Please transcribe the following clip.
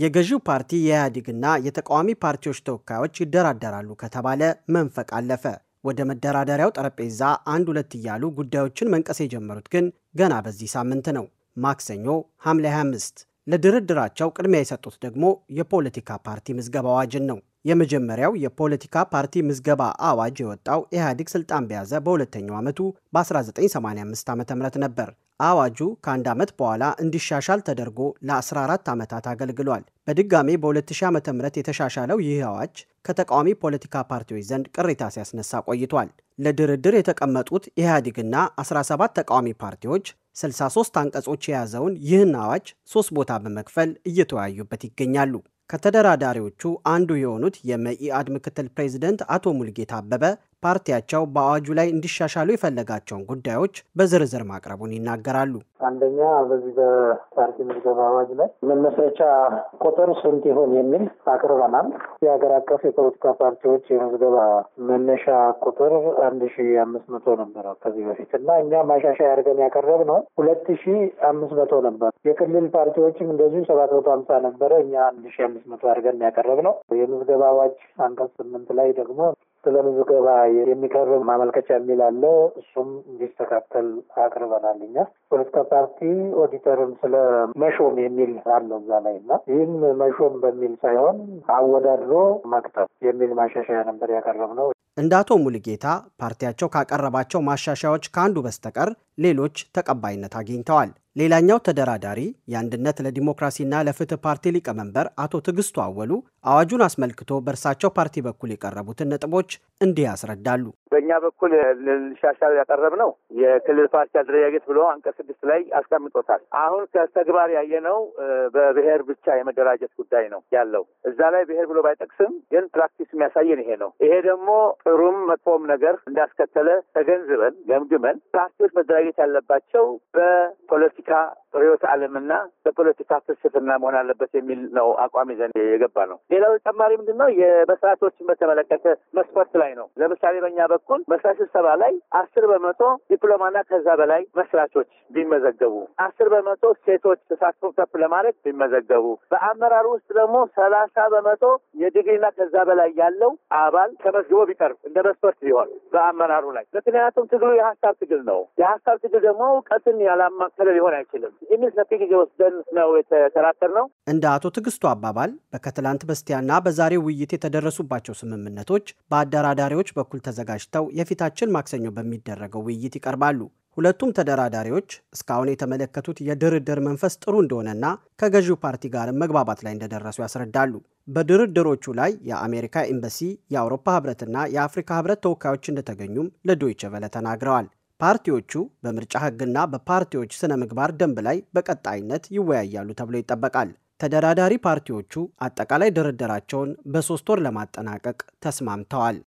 የገዢው ፓርቲ የኢህአዴግና የተቃዋሚ ፓርቲዎች ተወካዮች ይደራደራሉ ከተባለ መንፈቅ አለፈ። ወደ መደራደሪያው ጠረጴዛ አንድ ሁለት እያሉ ጉዳዮችን መንቀስ የጀመሩት ግን ገና በዚህ ሳምንት ነው። ማክሰኞ ሐምሌ 25 ለድርድራቸው ቅድሚያ የሰጡት ደግሞ የፖለቲካ ፓርቲ ምዝገባ አዋጅን ነው። የመጀመሪያው የፖለቲካ ፓርቲ ምዝገባ አዋጅ የወጣው ኢህአዴግ ስልጣን በያዘ በሁለተኛው ዓመቱ በ1985 ዓ ም ነበር። አዋጁ ከአንድ ዓመት በኋላ እንዲሻሻል ተደርጎ ለ14 ዓመታት አገልግሏል። በድጋሜ በ2000 ዓ ም የተሻሻለው ይህ አዋጅ ከተቃዋሚ ፖለቲካ ፓርቲዎች ዘንድ ቅሬታ ሲያስነሳ ቆይቷል። ለድርድር የተቀመጡት ኢህአዴግና 17 ተቃዋሚ ፓርቲዎች 63 አንቀጾች የያዘውን ይህን አዋጅ ሶስት ቦታ በመክፈል እየተወያዩበት ይገኛሉ። ከተደራዳሪዎቹ አንዱ የሆኑት የመኢአድ ምክትል ፕሬዚደንት አቶ ሙልጌታ አበበ ፓርቲያቸው በአዋጁ ላይ እንዲሻሻሉ የፈለጋቸውን ጉዳዮች በዝርዝር ማቅረቡን ይናገራሉ። አንደኛ በዚህ በፓርቲ ምዝገባ አዋጅ ላይ መመስረቻ ቁጥር ስንት ይሆን የሚል አቅርበናል። የሀገር አቀፍ የፖለቲካ ፓርቲዎች የምዝገባ መነሻ ቁጥር አንድ ሺ አምስት መቶ ነበረ ከዚህ በፊት እና እኛ ማሻሻያ አድርገን ያቀረብ ነው ሁለት ሺ አምስት መቶ ነበር። የክልል ፓርቲዎችም እንደዚሁ ሰባት መቶ ሀምሳ ነበረ። እኛ አንድ ሺ አምስት መቶ አድርገን ያቀረብ ነው። የምዝገባ አዋጅ አንቀጽ ስምንት ላይ ደግሞ ስለ ምዝገባ የሚቀርብ ማመልከቻ የሚል አለ። እሱም እንዲስተካከል አቅርበናል። እኛ ፖለቲካ ፓርቲ ኦዲተርም ስለ መሾም የሚል አለ እዛ ላይ እና ይህም መሾም በሚል ሳይሆን አወዳድሮ መቅጠር የሚል ማሻሻያ ነበር ያቀረብነው። እንደ አቶ ሙልጌታ ፓርቲያቸው ካቀረባቸው ማሻሻያዎች ከአንዱ በስተቀር ሌሎች ተቀባይነት አግኝተዋል። ሌላኛው ተደራዳሪ የአንድነት ለዲሞክራሲና ለፍትህ ፓርቲ ሊቀመንበር አቶ ትዕግስቱ አወሉ አዋጁን አስመልክቶ በእርሳቸው ፓርቲ በኩል የቀረቡትን ነጥቦች እንዲህ ያስረዳሉ። በእኛ በኩል ያቀረብ ያቀረብነው የክልል ፓርቲ አደረጃጀት ብሎ አንቀጽ ስድስት ላይ አስቀምጦታል። አሁን ከተግባር ያየነው በብሔር ብቻ የመደራጀት ጉዳይ ነው ያለው። እዛ ላይ ብሔር ብሎ ባይጠቅስም ግን ፕራክቲስ የሚያሳየን ይሄ ነው። ይሄ ደግሞ ጥሩም መጥፎም ነገር እንዳስከተለ ተገንዝበን ገምግመን ፓርቲዎች መደራ መታየት ያለባቸው በፖለቲካ ርዕዮተ ዓለምና በፖለቲካ ፍልስፍና መሆን አለበት የሚል ነው አቋም ይዘን የገባ ነው። ሌላው ተጨማሪ ምንድን ነው የመስራቾችን በተመለከተ መስፈርት ላይ ነው። ለምሳሌ በእኛ በኩል መስራች ስብሰባ ላይ አስር በመቶ ዲፕሎማና ከዛ በላይ መስራቾች ቢመዘገቡ፣ አስር በመቶ ሴቶች ተሳትፎ ከፍ ለማድረግ ቢመዘገቡ፣ በአመራር ውስጥ ደግሞ ሰላሳ በመቶ የዲግሪና ከዛ በላይ ያለው አባል ተመዝግቦ ቢቀርብ እንደ መስፈርት ቢሆን በአመራሩ ላይ ምክንያቱም ትግሉ የሀሳብ ትግል ነው። የሀሳብ ትግል ደግሞ እውቀትን ያላማከለ ሊሆን አይችልም። ይህንን ነጥብ ወስደን ነው ነው። እንደ አቶ ትግስቱ አባባል በከትላንት በስቲያና በዛሬው ውይይት የተደረሱባቸው ስምምነቶች በአደራዳሪዎች በኩል ተዘጋጅተው የፊታችን ማክሰኞ በሚደረገው ውይይት ይቀርባሉ። ሁለቱም ተደራዳሪዎች እስካሁን የተመለከቱት የድርድር መንፈስ ጥሩ እንደሆነና ከገዢው ፓርቲ ጋርም መግባባት ላይ እንደደረሱ ያስረዳሉ። በድርድሮቹ ላይ የአሜሪካ ኤምባሲ፣ የአውሮፓ ህብረትና የአፍሪካ ህብረት ተወካዮች እንደተገኙም ለዶይቸ ቨለ ተናግረዋል። ፓርቲዎቹ በምርጫ ህግና በፓርቲዎች ስነ ምግባር ደንብ ላይ በቀጣይነት ይወያያሉ ተብሎ ይጠበቃል። ተደራዳሪ ፓርቲዎቹ አጠቃላይ ድርድራቸውን በሶስት ወር ለማጠናቀቅ ተስማምተዋል።